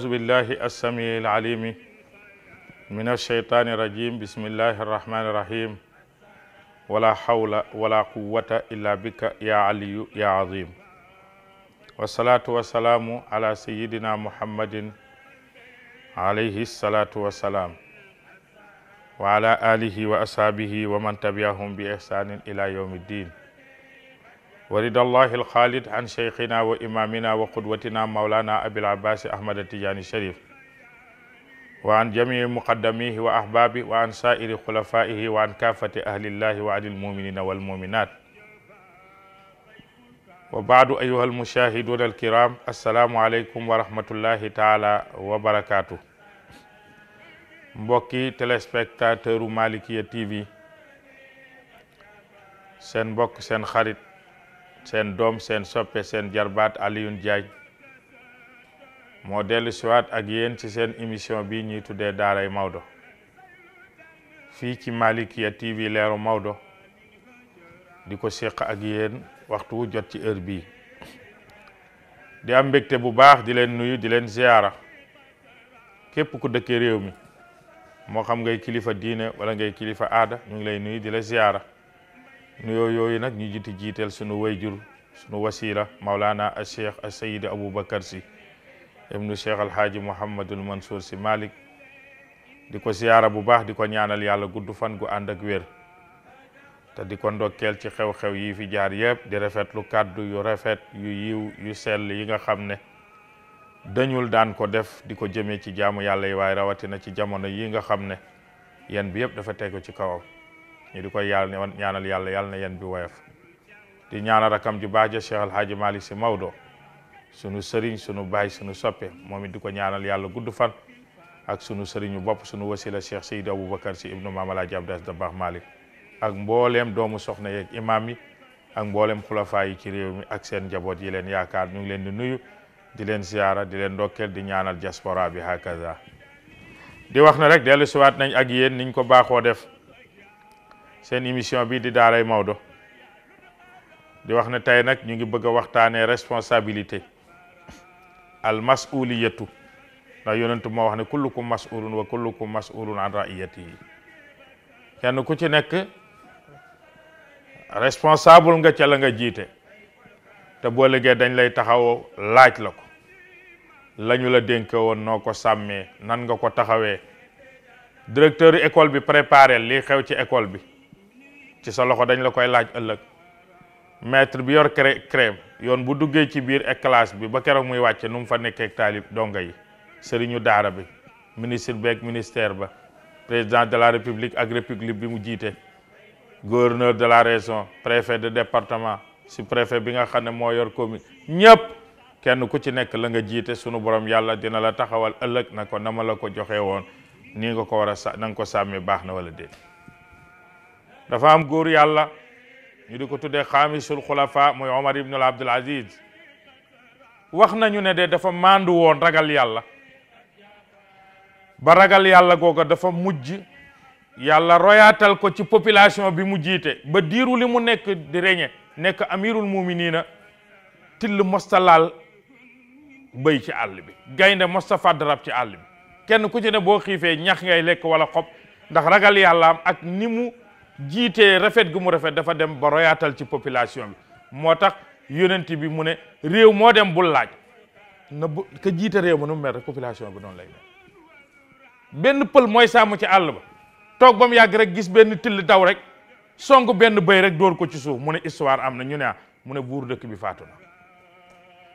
أعوذ بالله السميع العليم من الشيطان الرجيم بسم الله الرحمن الرحيم ولا حول ولا قوة إلا بك يا علي يا عظيم والصلاة والسلام على سيدنا محمد عليه الصلاة والسلام وعلى آله وأصحابه ومن تبعهم بإحسان إلى يوم الدين ورد الله الخالد عن شيخنا وإمامنا وقدوتنا مولانا أبي العباس أحمد التجاني الشريف وعن جميع مقدميه وأحبابه وعن سائر خلفائه وعن كافة أهل الله وعن المؤمنين والمؤمنات وبعد أيها المشاهدون الكرام السلام عليكم ورحمة الله تعالى وبركاته مبكي تلسبكتاتر مالكية Malikia TV seen seen doom seen soppe seen jarbaat Alioune Diagne moo dellu siwaat ak yéen ci seen émission bi ñuy tuddee daaray Maodo fii ci Malikia TV leeru Maodo di ko séq ak yéen waxtu wu jot ci heure bii di am mbégte bu baax di leen nuyu di leen ziyaara képp ku dëkke réew mi moo xam ngay kilifa diine wala ngay kilifa aada ñu ngi lay nuyu di la ziyaara nuyoo yooyu nag ñu jiti jiiteel sunu wayjur sunu wasila maulana a cheikh a sayid aboubacar si ibnu cheikh alhaaji mouhamadul mansour si malik di ko siyaara bu baax di ko ñaanal yàlla gudd fan gu ànd ak wér te di ko ndokkeel ci xew-xew yi fi jaar yëpp di lu kàddu yu rafet yu yiw yu sell yi nga xam ne dañul daan ko def di ko jëmee ci jaamu yàlla yi waaye rawatina ci jamono yi nga xam ne yan bi yëpp dafa tegu ci kawam ñu di koy yàlla ne ñaanal yàlla yàlla na yen bi woyof di ñaanal rakam ju baax ja Cheikh Alhaaji si Sy Maodo sunu sëriñ sunu baay sunu soppe moom it di ko ñaanal yàlla gudd fan ak sunu sëriñu bopp sunu wasila Cheikh Seydou Aboubacar Sy ibnu Maam Alaaji Abdu baax malik ak mbooleem doomu soxna yeeg imaam yi ak mboolem xulafaa yi ci réew mi ak seen njaboot yi leen yaakaar ñu ngi leen di nuyu di leen ziyaara di leen ndokkeel di ñaanal diaspora bi hakaza di wax na ak yéen niñ baaxoo def seen émission bi di daaray mawdo di wax ne tey nag ñu ngi bëgg a waxtaanee responsabilité al masuliyatu ndax yonentu moo wax ne kullukum masulun wa kullukum masulun an raiyatihi kenn ku ci nekk responsable nga ca la nga jiite te boo dañ lay taxaw laaj la ko lañu la dénk noo ko sàmmee nan nga ko taxawee directeur école bi préparé li xew ci école bi ci sa loxo dañ la koy laaj ëllëg maître bi yor crème yoon bu duggee ci biir ak classe bi ba keroog muy wàcce nu mu fa nekkee ak taalib donga yi sëriñu daara bi ministre beeg ministère ba président de la république ak république bi mu jiite gouverneur de la région préfet de département si préfet bi nga xam ne moo yor commune ñëpp kenn ku ci nekk la nga jiite sunu borom yàlla dina la taxawal ëllëg na ko na ma la ko joxe woon nii nga ko war a sa na nga ko sàmmee baax na wala déet dafa am góor yàlla ñu di ko tuddee xaamisul xulafa mooy omar ibnul abdul aziz wax nañu ne de dafa maandu yàlla ba ragal yàlla googa dafa mujj yàlla royaatal ko ci population bi mu jiite ba diiru li mu di reñe nekk amirul muminina till mustalal laal bëy ci àll bi gaynde mosta fàdd rab ci àll bi kenn ku ci ne boo xiifee ñax ngay lekk wala xob ndax ragal yàlla ak nimu jiite rafet gu mu rafet dafa dem ba royaatal ci population bi moo tax yonent bi mu ne réew moo dem bul laaj na bu ka jiite réew ma nu mu mel rek population bi noonu lay mel benn pël mooy sàmm ci àll ba toog ba mu yàgg rek gis benn till daw rek song benn béy rek dóor ko ci suuf mu ne histoire am na ñu ne ah mu ne buur dëkk bi faatu na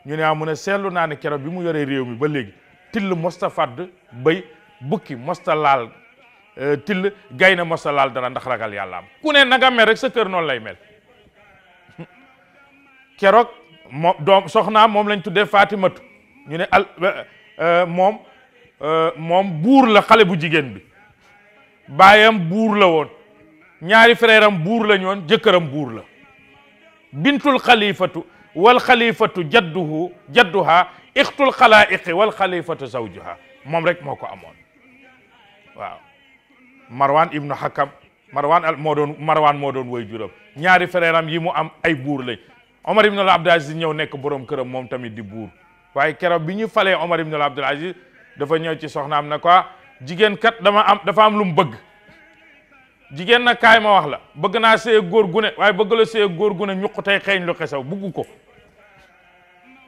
ñu ne ah mu ne seetlu naa ne keroog bi mu yoree réew mi ba léegi till mosta fàdd béy bukki mosta laal Euh, till gay na mosa laal dara ndax ragal yàlla am ku ne na mel rek sa kër noonu lay mel keroog moom doom soxnaam moom lañ tuddee Fatimatu ñu ne al euh, euh, moom moom buur la xale bu jigéen bi baayam buur la woon ñaari frère buur la woon jëkkëram buur la bintul xalifatu wal xalifatu jadduhu jadduha ixtul xalaiqi wal xalifatu zawjuha moom rek moo ko amoon waaw marwan ibnu hakam marwan al moo doon marwan moo doon woy juróom ñaari frère yi mu am ay buur lañ omar ibn la abdul aziz ñëw nekk boroom këram moom tamit di buur waaye keroog bi ñu falee omar ibn al abdul dafa ñëw ci soxnaam na ah, quoi jigéen kat dama am dafa am lu mu bëgg jigéen na kaay ma wax la bëgg naa sëye góor gune waaye bëgg la sëye góor gune ñuq tey xeeñ lu xesaw bugg ko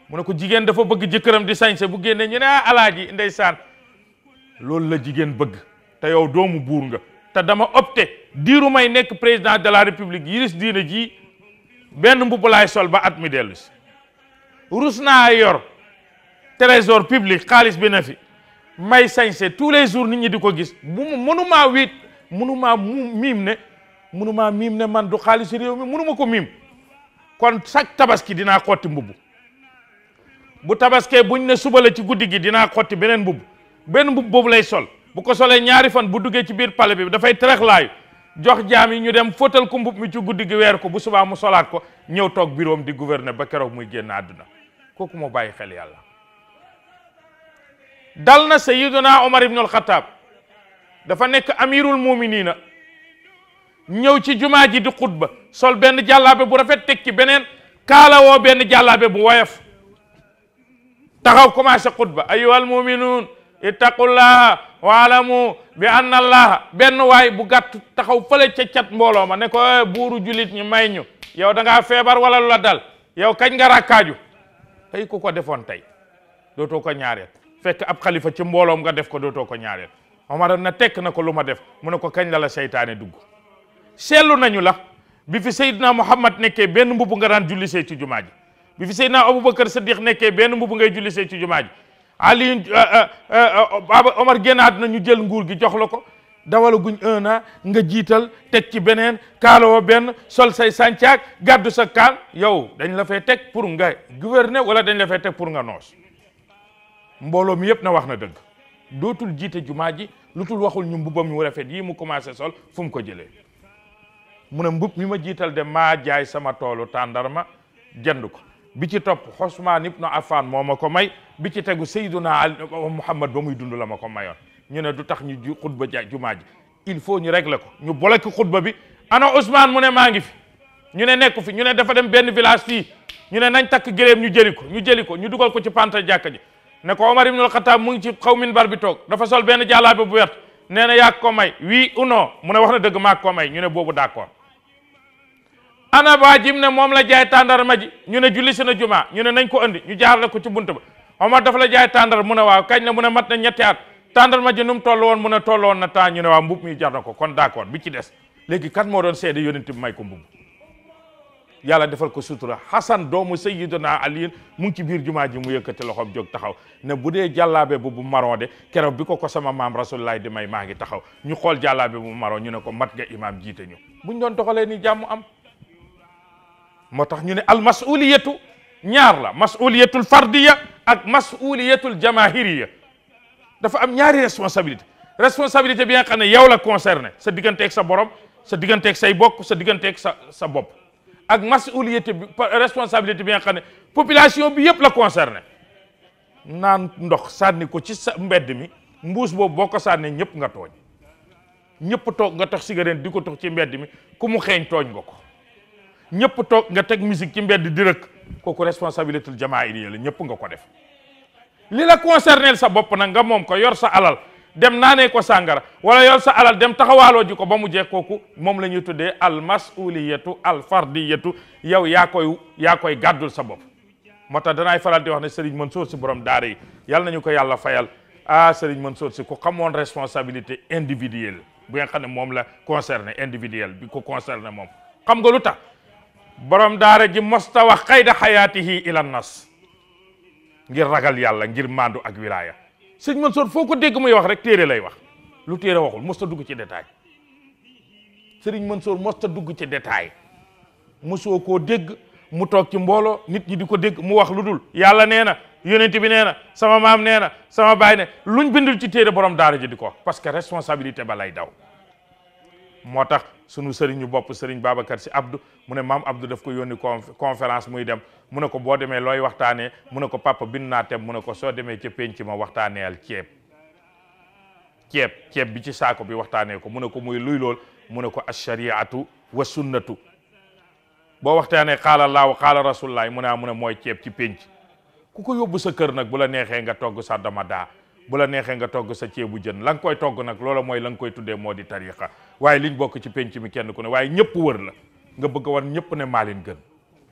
mu ne ko jigéen dafa bëgg jëkkëram di sañse bu génne ñu ne ah, alaaji ndeysaan loolu la jigéen bëgg te yow doomu buur nga te dama opté diiru may nekk président de la république yiris diina ji benn mbubb laay sol ba at mi dellu si rus naa yor trésor public xaalis bi na fi may sañse tous les jours nit ñi di ko gis bu mu wit wiit mënumaa mu miim ne mënumaa miim ne man du xaalis réew mi mënuma ko miim kon chaque tabaski dinaa xotti mbubb bu tabaskee buñ ne suba la ci guddi gi dinaa xotti beneen mbubb benn mbubb boobu lay sol bu ko solee ñaari fan bu duggee ci biir pale bi dafay tërëxlaayu jox jaam yi ñu dem fóotal ko mbub mi ci guddi gi weer ko bu subaa mu solaat ko ñëw toog biroom di gouverner ba keroog muy génn àdduna kooku moo bàyyi xel yàlla dal na sayiduna omar ibnul xataab dafa nekk amirul muminina ñëw ci jumaa ji di xutba sol benn jàllaabe bu rafet teg ci beneen kaalawoo benn jàllaabe bu woyof taxaw commencé xutba ayuhal muminuun ittaqullaha waala waalamu bi anna allaha benn waay bu gàtt taxaw fële ca cat mbooloo ma ne ko eh, buuru julit ñi may ñu yow da ngaa feebar wala la dal yow kañ nga rakkaaju tey ku ko defoon tey dootoo ko ñaareel fekk ab xalifa ci mbooloom nga def ko dootoo ko ñaareel Omar na tekk na ko lu ma def mu ne ko kañ la la seytaane dugg seetlu nañu la bi fi Seydina Muhammad nekkee benn mbubb nga daan jullisee ci jumaa ji bi fi Seydina Aboubacar Siddiq nekkee benn mbubb ngay jullisee ci jumaa ji Alioune euh, euh, euh, Baba Omar génnaat na ñu jël nguur gi jox la ko dawala guñ un nga jiital teg ci beneen kaaloo benn sol say sàncaak gàddu sa kaal yow dañ la fay teg pour nga gouverner wala dañ la fay teg pour nga noos mbooloo mi yëpp na wax na dëgg dootul jiite jumaa ji lu tul waxul ñu mbubam ñu rafet yi mu commencé sol fu mu ko jëlee mu ne mbub mi ma jiital de maa jaay sama toolu tàndarma jënd ko bi ci topp Usmaan ibnu Affan moo ko may bi ci tegu Seyduna Ali Muhammad ba muy dund la ma ko mayoon ñu ne du tax ñu xutba jumaa ji il faut ñu régler ko ñu boole ko xutba bi ana Usmaan mu ne maa ngi fi ñu ne nekk fi ñu ne dafa dem benn village fii ñu ne nañ takk gëléem ñu jëli ko ñu jëli ko ñu dugal ko ci panta jàkka ji ne ko Omar ibnul Xataab mu ngi ci xaw min bar bi toog dafa sol benn jàllaabe bu wert nee na yaa ko may oui ou mu ne wax na dëgg maa ko may ñu ne boobu d'accord ana baa jim ne moom la jaay tàndarma ji ñu ne julli si na jumaa ñu ne nañ ko andi ñu jaarale ko ci bunt ba Omar dafa la jaay tàndar mu ne waaw kañ mat na ñetti at tàndarma ji nu mu toll woon mu ne toll woon na temps ñu ne waaw mbub mi jar na ko kon d'accord bi ci des léegi kat moo doon seede yonent may ko mbub yàlla defal ko sutura Hasan doomu a Ali mu ngi ci biir jumaa ji mu yëkkati loxoom jóg taxaw ne bu dee jàllaabe bu bu maron de keroog bi ko ko sama maam Rasulullah di may maa ngi taxaw ñu xool jàllaabe bu maron ñu ne ko mat nga imaam jiite moo tax ñu ne al masuliyatu ñaar la masuliyatul fardiya ak masuliyatul jamahiriya dafa am ñaari responsabilité responsabilité bi nga xam ne yow la concerné sa digganteek sa borom sa digganteeg say bokk sa digganteeg sa sa bopp ak masuliyate bi responsabilité bi nga xam ne population bi yëpp la concerné naan ndox sànni ko ci sa mbedd mi mbuus boobu boo ko sànnee ñëpp nga tooñ ñëpp toog nga tax cigarette di ko tox ci mbedd mi ku mu xeeñ tooñ nga ñepp tok nga tek musique ci mbedd di rek koku responsabilité jamaa yi la ñepp nga ko def li la sa bop nak nga mom ko yor sa alal dem nané ko sangara wala yor sa alal dem taxawalo jiko ba mu jeeg koku mom lañuy yetu, al masuliyatu al fardiyatu yow ya koy ya koy gadul sa bop moo tax danaay faral di wax Serigne Mansour ci borom daara yi nañu ko yalla fayal ah Serigne Mansour ci ku xamone responsabilité individuelle bu nga xam mom la concerner individuel bi ko concerner mom xam nga lutax borom daara ji mosta wax xayda xayaatihi ila nas ngir ragal yàlla ngir maandu ak wilaaya sëñ Mansour foo ko dégg muy wax rek téere lay wax lu téere waxul mosta dugg ci détail mën Mansour mosta dugg ci détail mosoo koo dégg mu toog ci mbooloo nit ñi di ko dégg mu wax lu dul yàlla nee na yonent bi nee na sama maam nee na sama baay ne luñ bindul ci téere borom daara ji di ko wax parce que responsabilité ba lay daw moo tax sunu sëriñ bopp sëriñ Babacar si Abdou mu ne maam Abdou def ko yónni conférence muy dem mu ne ko boo demee looy waxtaanee mu ne ko papa bind naa tem mu ne ko soo demee ca penc ma waxtaaneyal ceeb ceeb ceeb bi ci saako bi waxtaanee ko mu ne ko muy luy lool mu ne ko ashariatu wa sunnatu boo waxtaanee xaala qaala allaahu qaala rasulullahi mu ne ah mu ne mooy ceeb ci pénc ku ko yóbbu sa kër nag bu la neexee nga togg sa daa bu la neexee nga togg sa ceebu jën la koy togg nag loola mooy la nga koy tuddee moo di tariqa waaye liñ bokk ci penc mi kenn ku ne waaye ñëpp wër la nga bëgg wan ñëpp ne maa leen gën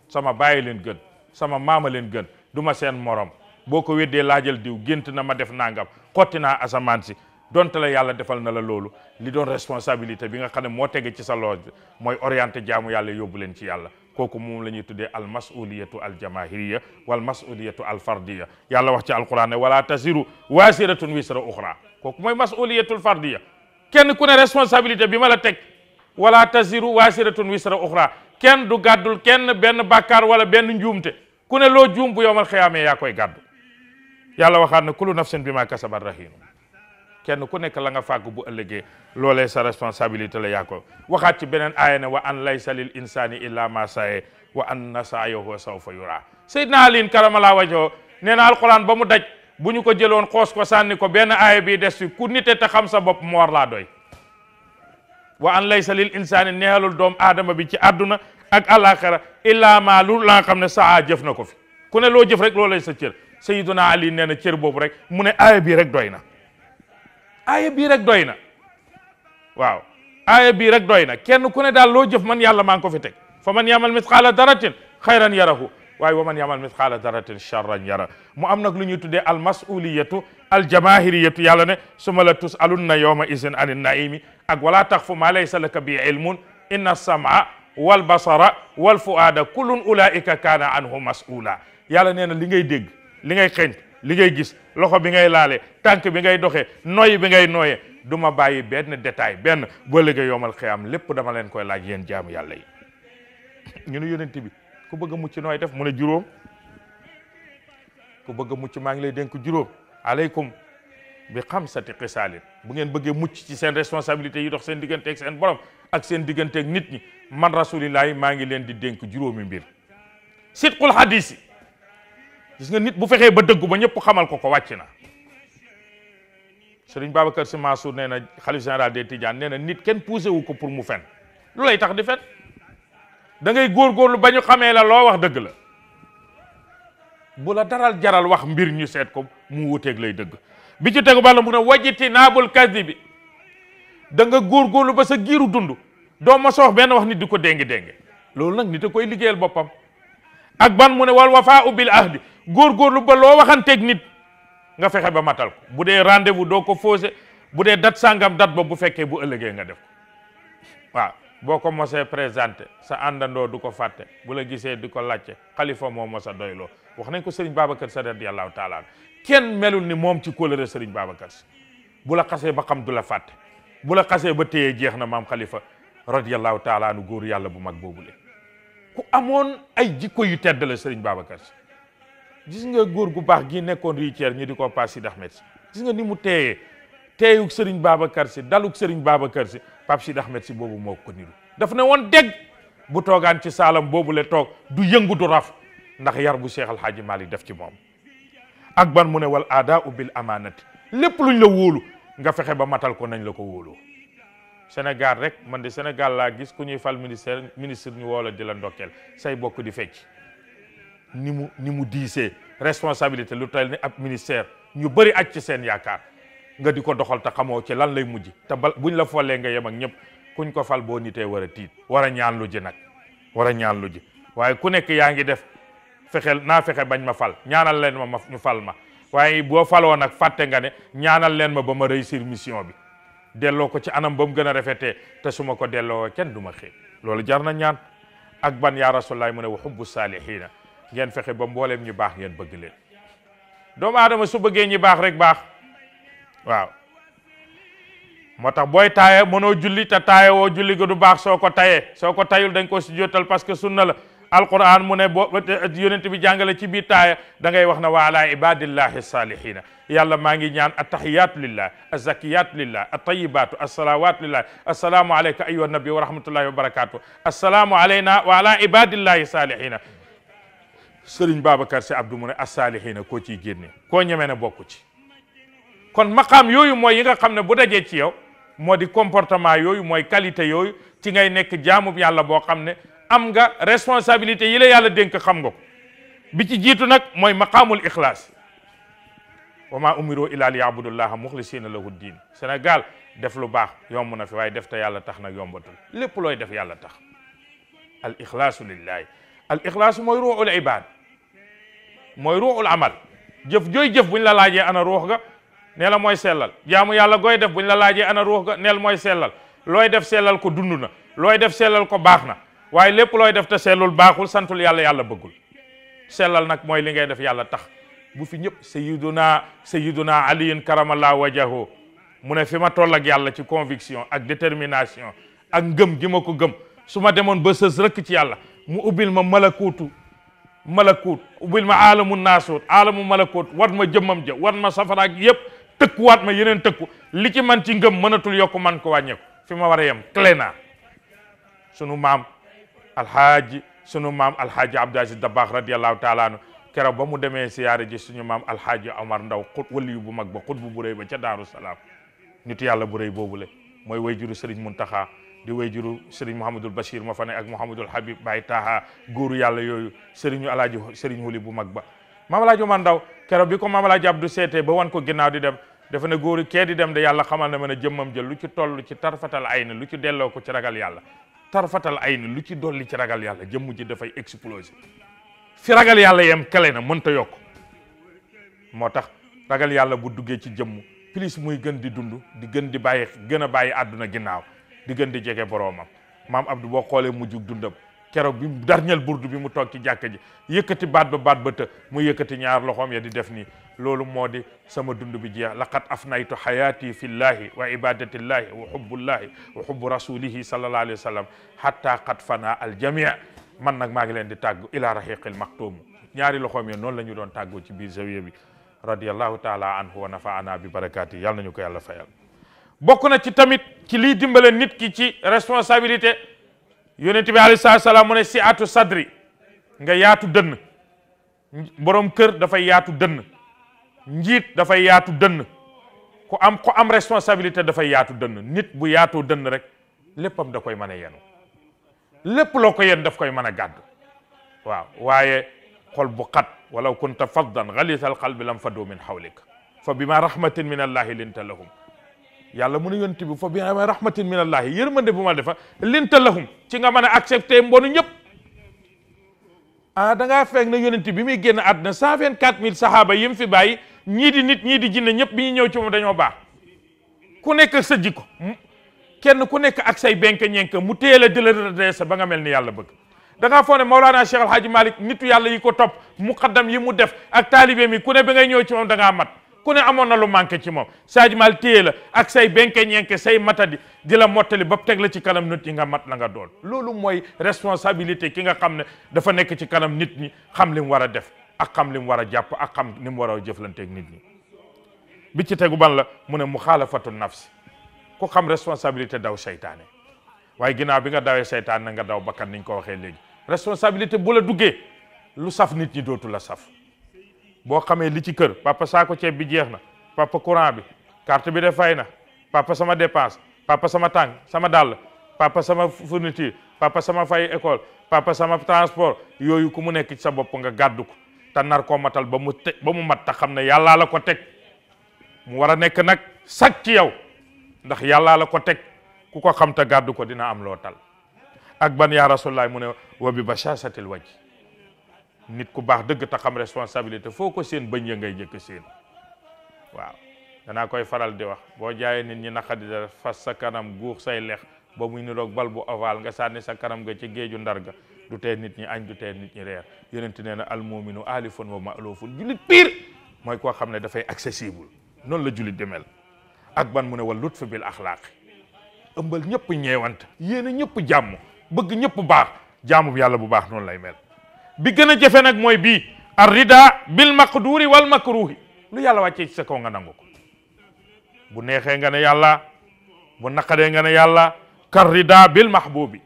sama bàyyi leen gën sama maama leen gën du ma seen morom boo ko weddee laajal diw gént na ma def nangam xotti naa asamaan si donte la yàlla defal na la loolu li doon responsabilité bi nga xam ne moo tege ci sa lool mooy orienté jaamu yàlla yóbbu leen ci yàlla kooku moom la ñuy tuddee al masuliyatu al jamahiriya wal masuliyatu al fardiya yàlla wax ci alquran ne wala tasiru wasiratun wisra uxra kooku mooy masuliyatul fardiya kenn ku ne responsabilité bi ma la teg wala tasiru wasiratun wisra uxra kenn du gàddul kenn benn bàkkaar wala benn njuumte ku ne loo juum bu yowmal xiyaamee yaa koy gàddu yàlla waxaat ne kullu nafsin bi ma kasabat rahinu kenn ku nekk la nga fàgg bu ëllëgee loolee sa responsabilité la yaa ko waxaat ci beneen aaya ne wa an laysa lil insani illa ma saye wa an na saayahu sawfa yura Seydina Aliin karamalaa wajoo nee na alquran ba mu daj bu ñu ko jëloon koos ko sànni ko benn aaya bii des ci ku nite te xam sa bopp mu war laa doy wa an laysa lil insani neexalul doom aadama bi ci àdduna ak àllaaxira illa ma lu la nga xam ne saa jëf na ko fi ku ne loo jëf rek loo lay sa cër Seydina Ali nee na cër boobu rek mu ne aaya bii rek doy na aya bi rek doyna waaw aya bi rek doyna kenn ku ne dal lo jëf man yàlla ma ngi ko fi tek fa man yamal mithqala daratin khayran yarahu way wa man yamal mithqala daratin sharran yara mu am nag lu ñuy mas'uliyatu al jamaahiriyatu yàlla ne suma la tusalunna yawma izin anin naimi ak wala taxfu ma laysa laka bi ilmun inna sam'a wal basara wal fuada kullun ulaika kana anhu masula yàlla neena li ngay deg li ngay xeeñ li ngay gis loxo bi ngay laale tànk bi ngay doxee noyyi bi ngay nooyee duma bàyyi benn detaay benn boo léegi yomal xiyaam lépp dama leen koy laaj yéen jaamu yàlla yi ñu ne yonent bi ku bëgg mucc nooy def mu ne juróom ku bëgg mucc maa ngi lay dénk juróom aleykum bi xamsati xisaalin bu ngeen bëggee mucc ci seen responsabilité yi dox seen diggante seen borom ak seen diggante nit ñi man rasulillahi maa ngi leen di dénk juróomi mbir sidqul hadisi gis nga nit bu fexee ba dëgg ba ñëpp xamal ko ko wàcc na Serigne Babacar Sy Mansour nee na xalif général des Tidianes nee na nit kenn poussé wu ko pour mu fen lu lay tax di fen da ngay góorlu ba ñu xamee la loo wax dëgg la bu la daral jaral wax mbir ñu seet ko mu wuteeg lay dëgg bi ci tegu bala mu ne wajiti naabul kasdi bi da nga góorlu ba sa giiru dund doo ma soox benn wax nit di ko déngi dénge loolu nag nit a koy liggéeyal boppam ak ban mu ne wal wafa'u bil ahdi lu ba waxante ak nit nga fexé ba matal ko budé rendez-vous doo ko fausser bu date sangam date bobu bu bu ëllëgee nga def ko waaw boo ko sa andando du ko fàtte bu la gisé di ko laajte xalifa moo mos wax nañ ko serigne Babacar sallallahu taala kenn melul ni mom ci kóllëre serigne Babacar bakam bu la xasee ba xam du la fàtte bu la xasee ba téyé jeexna mam khalifa radiyallahu taala nu gor yalla bu mag boobule ku amon ay jikko yu tedd la serigne babacar gis nga góor gu bax gi nekkon riceer ñu di ko paas gis nga ni mu teeyee teyuk serigne babacar si daluk serigne babacar ci pap si daxmet ci bobu moko ko daf ne won deg bu togan ci salam bobu le tok du yang du raf ndax yar bu cheikh alhaaji malik def ci mom. ak ban mu ne wal ada'u bil amanati lepp luñ la wolu nga fexé ba matal ko nañ la ko wolu Sénégal rek man de Sénégal laa gis ku ñuy fal ministère ministre ñu woo la di la ndokkeel say bokk di fecc ni mu ni mu diisee responsabilité lu tal ni ak ministère ñu bëri aj ci seen yaakaar nga di ko doxal te xamoo ci lan lay mujj te bal buñ la follee nga yem ak ñëpp kuñ ko fal boo nitee war a tiit war a ñaan lu ji nag war a ñaan lu ji waaye ku nekk yaa ngi def fexeel naa fexe bañ ma fal ñaanal leen ma ma ñu fal ma waaye boo faloo nag fàtte nga ne ñaanal leen ma ba ma réussir mission bi delloo ko ci anam ba mu gën a rafetee te suma ko delloo kenn du ma xëy loolu jar na ñaan ak ban yaa rasulallaah mu ne wa hubbu saalihiina ngeen fexe ba mbooleem ñu baax ngeen bëgg leen doomu aadama su bëggee ñi baax rek baax waaw moo tax booy taaye mënoo julli te taaye woo julli ga du baax soo ko tayee soo ko tayul dañ koo si jotal parce que sunna la alquran mu ne boo yonent bi jàngale ci biir taaya da ngay wax na wa ala ibadillahi salihina yàlla maa ngi ñaan attahiyatu lillah azakiyatu lillah attayibatu assalawatu lillah assalaamu alayka ayuha nabi wa rahmatullahi wa barakatuh assalaamu alayna wa ala ibadillahi salihina sëriñ babacar si abdou mu ne assalihina koo ciy génne koo ñeme ne bokku ci kon maqaam yooyu mooy yi nga xam ne bu dajee ci yow moo di comportement yooyu mooy qualité yooyu ci ngay nekk jaamu yàlla boo xam ne am nga responsabilité yi la yàlla dénk xam nga ko bi ci jitu nak moy maqamul ikhlas wa maa umiru illa li ya'budu yaabudullaha muxlisina lahu diin Sénégal def lu bax yomb na fi way def ta yàlla tax nak yombatul lépp loy def yàlla tax al ixlaasu lillahi al ixlaasu moy ruuxul ibad moy ruuxul amal jëf joy jëf buñ la laaje ana ruh ga ne la mooy sellal jaamu yàlla goy def buñ la laaje ana ruh ga neel moy selal loy def selal ko dunduna loy def selal ko baxna waaye lépp looy def te sellul baaxul santul yàlla yàlla bëggul sellal nag mooy li ngay def yàlla tax bu fi ñëpp sayyiduna sayyiduna aliyin karamallahu wajahu mu ne fi ma toll ak yàlla ci conviction ak détermination ak ngëm gi ma ko gëm su ma demoon ba sës rëkk ci yàlla mu ubbil ma malakuutu malakuut ubbil ma aalamu naasuut aalamu malakuut wat ma jëmmam ja wat ma safaraak yëpp tëkkuwaat ma yeneen tëkku li ci man ci ngëm mënatul yokku man ko wàññeeku fi ma war a yem clé alxaaji sunu maam alxaaji Abdou Aziz Dabakh radiallahu taala anu keroog ba mu demee siyaare ji suñu maam alxaaji Omar Ndaw xut waliyu bu mag ba xut bu bu rëy ba ca Daaru Salaam nit yàlla bu boobu le mooy way juru Serigne Muntaxa di way juru Serigne Mouhamadul Bachir ma fa ne ak Mouhamadul Habib Baye Taha góoru yàlla yooyu Serigne alaaji Serigne Wuli bu mag ba maam alaaji Omar Ndaw keroog bi ko maam alaaji Abdou seetee ba wan ko ginnaaw di dem dafa ne góoru kee di dem de yàlla xamal na mën a jëmmam jël lu ci toll ci tarfatal ay na lu ci delloo ko ci ragal yàlla tarfatal ay ni lu ci dolli ci ragal yàlla jëmm ji dafay exploser fi ragal yàlla yem kale na mënta yokk moo tax ragal yàlla bu duggee ci jëmm plus muy gën di dund di gën di bàyyi gën a bàyyi àdduna ginnaaw di gën di jege boroomam maam Abdou boo xoolee mujjug dundam kéro bi darñal burdu bi mu tok ci jàkka ji yëkëti baat ba baat ba mu yëkëti ñaar loxom ya di def ni lolu modi sama dund bi jeex laqad afnaytu hayati fillahi wa ibadatillahi wa hubbullahi wa hubbu rasulih sallallahu alaihi wasallam hatta qad fana aljamia man nak ma ngi len di tag ila rahiqil maktum ñaari loxom ya non lañu doon taggo ci biir zawiya bi radiallahu taala anhu wa nafaana bi barakati yalla nañu ko yalla fayal bokku na ci tamit ci li dimbalé nit ki ci responsabilité yonent bi aleyhi salaatu salaam si atu sadri nga yaatu deun borom da fay yaatu njit da fay yaatu deun ku am ku am responsabilité fay yaatu deun nit bu yaatu deun rek léppam da koy mané yenu lépp loo ko yen daf koy mané a waaw waaye bu khat walaw kunta faddan galisa alqalbi lam fadu min hawlik fa bima rahmatin min allahi lintalahum yàlla mu ne yonent bi fa bi amee rahmatin min allahi yërmande bu ma defa linta lahum ci nga mën a accepté mbonu ñëpp ah da ngaa fekk na yonent bi muy génn àdduna cent vingt quatre mille sahaaba yi mu fi bàyyi ñii di nit ñii di jinne ñëpp bi ñu ñëw ci moom dañoo baax ku nekk sa jikko kenn ku nekk ak say benk ñenk mu téye la di la redressé ba nga mel ni yàlla bëgg da ngaa foog ne Maulana Cheikh Alhaji Malick nitu yàlla yi ko topp muqaddam yi mu def ak taalibe mi ku ne ba ngay ñëw ci moom da mat ku ne amoon na lu manqué ci moom Sadio Maal la ak say benke ñenke say matadi di la mottali ba teg la ci kanam nit ñi nga mat la nga doon loolu mooy responsabilité ki nga xam ne dafa nekk ci kanam nit ñi xam li war a def ak xam li mu war a jàpp ak xam ni mu war a jëflanteeg nit ñi bi ci tegu ban la mu ne mu xaalafatu nafsi ku xam responsabilité daw seytaane waaye ginnaaw bi nga dawee seytaane na nga daw bakkan niñ ko waxee léegi responsabilité bu la duggee lu saf nit ñi dootu la saf boo xamee li ci kër papa saako ceeb bi jeex na papa courant bi carte bi de fay na papa sama dépense papa sama tànk sama dàll papa sama fourniture papa sama fay école papa sama transport yooyu ku mu nekk ci sa bopp nga gàddu ko te nar koo matal ba mu te ba mu mat te xam ne yàllaa la ko teg mu war a nekk nag sag ci yow ndax yàllaa la ko teg ku ko xam te gàddu ko dina am loo tal ak ban yaa rasulallah mu ne wa bi bashasatil waj nit ku bax deug ta xam responsabilité foko seen bañ ya ngay jëk seen waaw koy faral di wax bo jaay nit ñi naqadi dara fa sa kanam guux say lex ba muy nirok bal bu oval nga sanni sa kanam ga ci geejju ndar ga du tee nit ñi añ du nit ñi reer yonent neena al mu'minu alifun wa ma'lufun julit pire moy ko xamne da fay accessible non la julit demel ak ban mu ne wal lutf bil akhlaq ëmbal ñëpp ñewant yéen a ñëpp bëgg ñëpp baax jaamu yalla bu baax non lay mel bi gëna jëfé nak moy bi arida bil maqduri wal makruhi lu yalla wacce ci sa kaw nga nangu bu nexé nga ne yalla bu nakade nga ne yalla karida bil mahbubi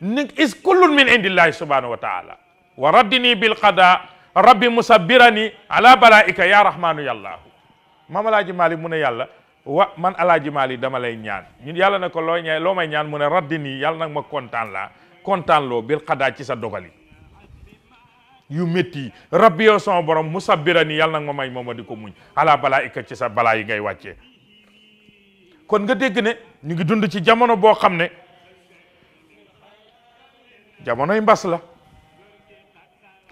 ni is kullun min indillahi subhanahu wa taala wa raddini bil qada rabbi musabbirani ala balaika ya rahmanu yalla. mama laji mali mu ne wa man alaji mali dama lay ñaan ñun yalla ne ko loo ñaan loo may ñaan mu raddini yalla nak ma kontan la kontan lo bil qada ci sa dogali yu metti rabbi yo ya sama borom musabbirani yalla ma may moma diko muñ ala balaika ci sa bala yi ngay wacce kon nga deg ne ñu ngi dund ci jamono bo xamne ne yi mbass la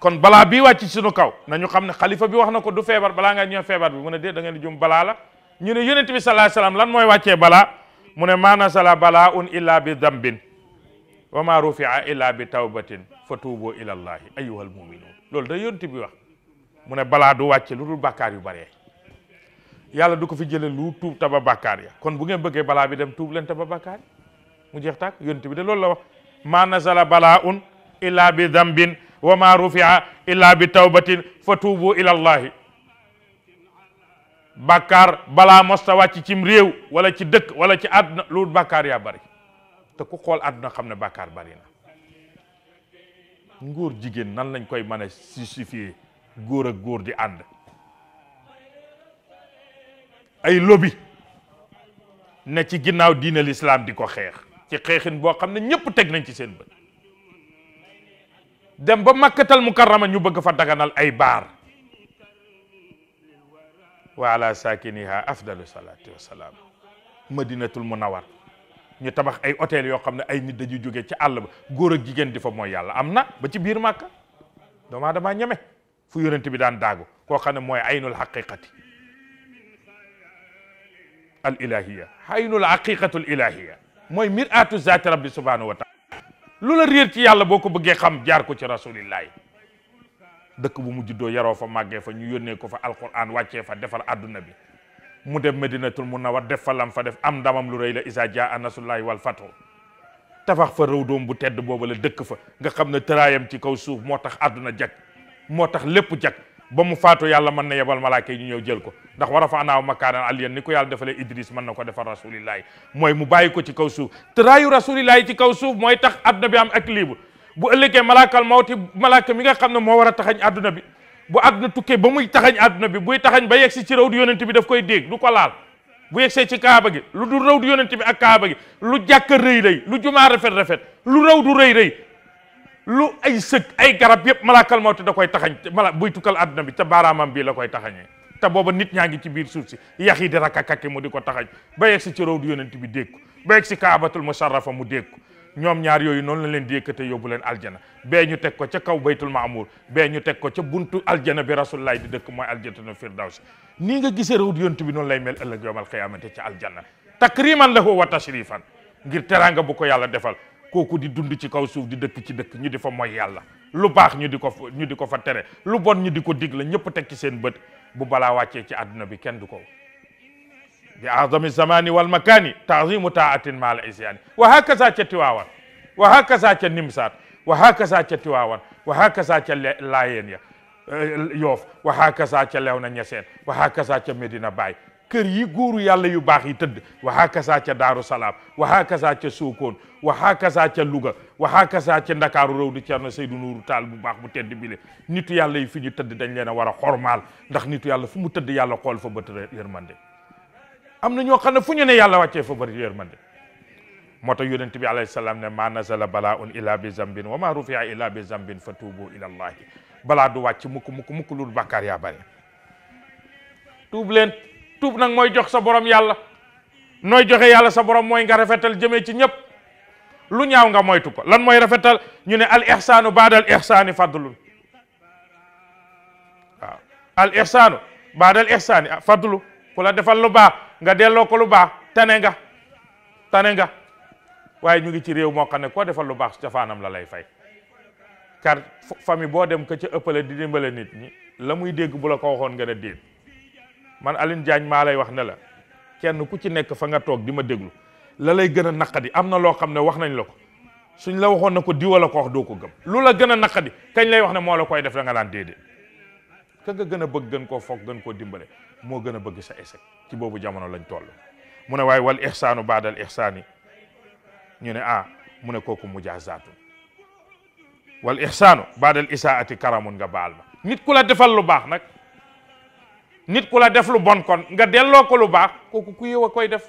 kon bala bi ci sunu kaw nañu xamne ne bi wax febar. du febar bala nga ñu febar bi mu ne de da ngeen jum balaa la ñu ne yunus bi alayhi wasallam lan moy wacce bala mu ne mana sala bala un illa bi dambin wa ma rufia illa bi tawbatin fa tuuboo ilallahi ayyuhal muminuun loolu da yonti bi wax mu ne balaa du wàcce lu dul bàkkaar yu bare yàlla du ko fi jële lu tuub taba bàkkaar ya kon bu ngeen bëggee balaa bi dem tuub leen taba bàkkaar mu jeex tàkk yonti bi de loolu la wax ma nazala balaa un illa bi dambin wa ma rufia illa bi tawbatin fa tuuboo ilallahi bakar balaa mosta wàcc cim réew wala ci dëkk wala ci àdduna lu dul bari te ku xool àdduna xam ne bàkkaar bari ngóor jigéen nan lañ koy mën a justifier góor ak góor di ànd ay lobi na ci ginnaaw diine l'islam di ko xeex ci xeexin boo xam ne ñëpp teg nañ ci seen bët dem ba makkatal mukarrama ñu bëgg fa daganal ay baar wala ala saakiniha afdalu salaatu wa salaam madinatul munawar ñu tabax ay hôtel yoo xam ne ay nit dañuy jóge ci àll ba góor ak jigéen di fa mooy yàlla am na ba ci biir màkka doomaa damaa ñeme fu yonent bi daan daagu koo xam ne mooy aynul haqiqati al ilahiya aynul haqiqatul ilahiya mooy miratu zati rabbi subhanahu wa taala lu la réer ci yàlla boo ko bëggee xam jaar ko ci rasulillahi dëkk bu mu doo yaroo fa màggee fa ñu yónnee ko fa alquran wàccee fa defar adduna bi mu dem Medinatul Munawwar def fa lam fa def am ndamam lu rëy la isa jaa nasrullahi wal fathu tafax fa réew bu tedd boobu la dëkk fa nga xam ne tëraayam ci kaw suuf moo tax àdduna jag moo tax lépp jag ba mu faatu yàlla man na yebal malaaka yi ñu ñëw jël ko ndax war a fa anaaw makaanan aliyan ni ko yàlla defalee Idris mën na ko defal rasulillahi mooy mu bàyyi ko ci kaw suuf tëraayu rasulillahi ci kaw suuf mooy tax àdduna bi am équilibre bu ëllëgee malaakal mawti malaaka mi nga xam ne moo war a taxañ àdduna bi bu àdduna tukkee ba muy taxañ àdduna bi buy taxañ ba yegsi ci rawdu yonent bi daf koy dégg du ko laal bu yegsee ci kaaba gi lu du rawdu yonent bi ak kaaba gi lu jàkka rëy rëy lu jumaa rafet rafet lu rawdu rëy rëy lu ay sëg ay garab yëpp malaakal mawti da koy taxañ mala buy tukkal àdduna bi te baaraamam bii la koy taxañee te booba nit ñaa ngi ci biir suuf si yax yi di rakkakakki mu di ko taxañ ba yegsi ci rawdu yonent bi dégg ko ba yegsi kaabatul musharrafa mu dégg ko ñoom ñaar yooyu noonu la leen di yëkkate yóbbu leen aljana bee ñu teg ko ca kaw baytul maamour bee ñu teg ko ca buntu aljana bi rasulullaay di dëkk mooy aljana firdaws nii nga gisee rawut bi noonu lay mel ëllëg yowmal xiyaamate ca aljana takriman lahu wa tashrifan ngir teraanga bu ko yàlla defal kooku di dund ci kaw suuf di dëkk ci dëkk ñu di fa mooy yàlla lu baax ñu di ko ñu di ko fa tere lu bon ñu di ko digle ñëpp teg ci seen bët bu balaa wàccee ci àdduna bi kenn du ko bi azami zamani wal makani taazimu taatin maal isyaani wa hakaza ca tiwaawan wa hakaza ca nimsaat wa hakaza ca tiwaawan wa hakaza ca laayeen ya yoof wa hakaza ca lew na ñeseen wa hakaza ca Medina Baay kër yi góoru yàlla yu baax yi tëdd wa hakaza ca Daaru Salaam wa hakaza ca Sokone wa hakaza ca Louga wa hakaza ca Ndakaaru réew di Ceerno Seydou Nourou Tall bu baax bu tedd bile nitu yàlla yi fi ñu tëdd dañ leen a war a xormaal ndax nitu yàlla fu mu tëdd yàlla xool fa bët yërmande am na ñoo xam ne fu ñu ne yàlla wàccee fa bëri yërmande moo tax yonent bi alayhi salaam ne ma nazala balaa un illa bi zambin wa ma rufia illa bi zambin fa tuubu ila llahi balaa du wàcc mukk mukk mukk lul bàkkaar yaa bëri tuub leen tuub nag mooy jox sa borom yàlla nooy joxe yàlla sa borom mooy nga rafetal jëmee ci ñëpp lu ñaaw nga moytu ko lan mooy rafetal ñu ne al ihsaanu baadal ihsaani fadlun waaw fadlu ku la defal lu baax nga delloo ko lu baax tane nga tane nga waaye ñu ngi ci réew moo xam ne koo defal lu baax cafaanam la lay fay car famille boo dem ka ca ëppale di dimbale nit ñi la muy dégg bu la ko waxoon nga ne déet man Aline jaañ maa lay wax ne la kenn ku ci nekk fa nga toog di ma déglu la lay gën a naqadi am na loo xam ne wax nañ la ko suñ la waxoon na ko diwa la ko wax doo ko gëm lu la gën a naqadi kañ lay wax ne moo la koy def da nga naan déedéet ka nga gën a bëgg gën koo foog gën koo dimbale moo gën a bëgg sa échec ci boobu jamono lañ toll mu ne waaye wal ixsaanu baadal ixsaani ñu ne ah mu ne kooku mujaazaatu wal ixsaanu baadal isaati karamun nga baal ma nit ku la defal lu baax nag nit ku la def lu bon kon nga delloo ko lu baax kooku ku yëw a koy def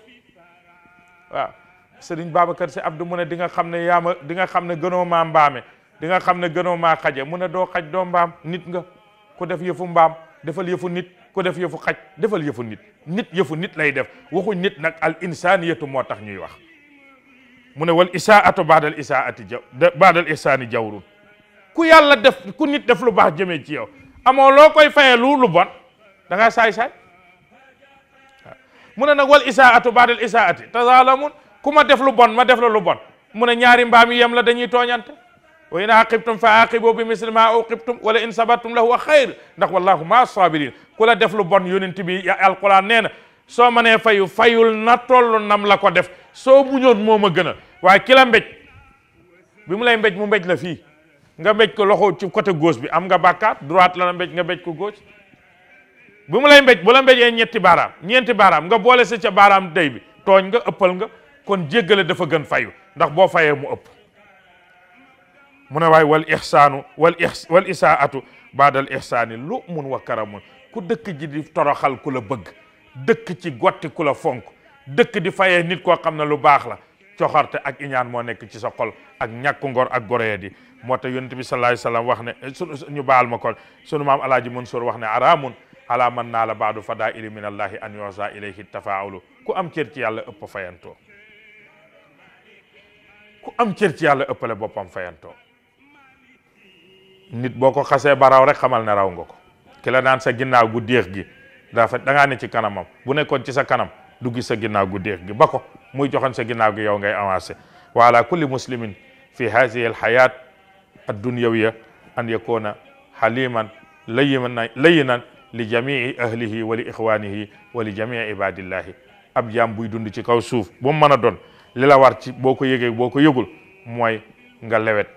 waaw sëriñ Babacar Si Abdou mu ne di nga xam ne yaa ma di nga xam ne gënoo maa mbaame di nga xam ne gënoo maa xaje mu ne doo xaj doo mbaam nit nga ku def yëfu mbaam defal yëfu nit ku def yëfu xaj defal yëfu nit nit yëfu nit lay def waxuñ nit nag al yëtu moo tax ñuy wax mu ne wal isaatu baadal isaati jaw baadal isaani jawrun ku yàlla def ku nit def lu baax jëmee ci yow amoo loo koy fayee lu lu bon da saay-saay mu ne nag wal isaatu baadal isaati tazaalamun ku ma def lu bon ma def la lu bon mu ne ñaari mbaam yi yem la dañuy tooñante wa in aqibtum fa aqibu bi misli ma uqibtum wala in sabartum lahu wa xayr ndax wallahu ma sabirin def lu bon yonent bi alquran nee soo mënee fayu fayul na toll nam la ko def soo muñoon moom a gën a waaye ki la bi mu lay mbéj mu mbej la fii nga mbéj ko loxo ci côté goos bi am nga bàkkaat droite la la mbéj nga mbéj ko gauche bi mu lay mbéj bu la mbéjee ñetti baaraam ñeenti baaraam nga boole sa ca baaraam day bi tooñ nga ëppal nga kon jéggale dafa gën fayu ndax boo fayee mu ëpp mu ne waaye wal ixsaanu wal ix wal isaatu baadal ixsaani lu mun wa karamun ku dëkk ji di toroxal ku la bëgg dëkk ci gotti ku la fonk dëkk di fayee nit koo xam ne lu baax la coxarte ak iñaan moo nekk ci sa xol ak ñàkku ngor ak goree di moo tax yonent bi sallallahu alayhi wasallam wax ne su ñu baal ma ko sunu maam alaaji Mansour wax ne araamun ala man naa la baadu fadaili min allahi an yosa ilayhi tafaulu ku am cër ci yàlla ëpp fayantoo ku am cër ci yàlla ëppale boppam fayantoo nit boko xasse baraw rek xamal na raw nga ki la nan sa ginnaw gu déex gi da fa da nga ne ci kanamam bu nekkoon ci sa kanam du gis sa ginnaw gu déex gi bako muy joxan sa ginnaw gu yow ngay avancer wa ala kulli muslimin fi hadhihi hadihi ad addunyawiya an yakuna haliman layinan layyinan li jamii ahlihi wa li ikhwanihi wa li jamii ibadillah ab jam buy dund ci kaw suuf bu mu mën a doon war ci boko yegge boko yëgul moy nga lewet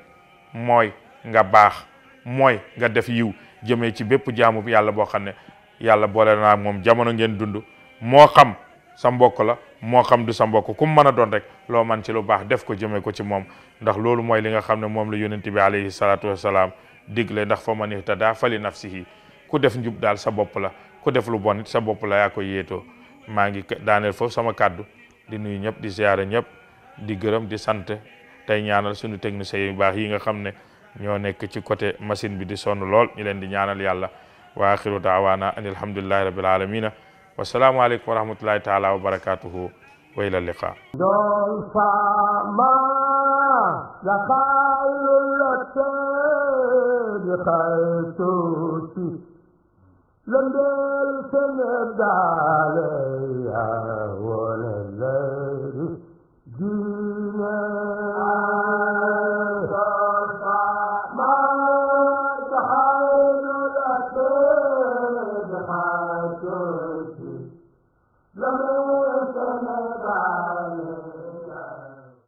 moy nga bax mooy nga def yiw jëmee ci bépp jaamu bi yàlla boo xam ne yàlla boole naa moom jamono ngeen dund moo xam sa mbokk la moo xam du sa mbokk ku mu mën a doon rek loo man ci lu baax def ko jëmee ko ci moom ndax loolu mooy li nga xam ne moom la yonent bi alayhi salaatu wasalaam digle ndax fa man ihtada fa li nafsihi ku def njub daal sa bopp la ku def lu bon it sa bopp la yaa ko yéetoo maa ngi daaneel foofu sama kàddu di nuyu ñëpp di ziyaare ñëpp di gërëm di sant tey ñaanal suñu techniciens yu baax yi nga xam ne ñoo nekk ci côté machine bi di sonn lool ñu leen di ñaanal yàlla wa axiru daawaana an alhamdulillahi rabbil alamina wa salaamu aleykum wa rahmatullahi taala wa barakatuhu wa ila liqa doon faama la xaalu la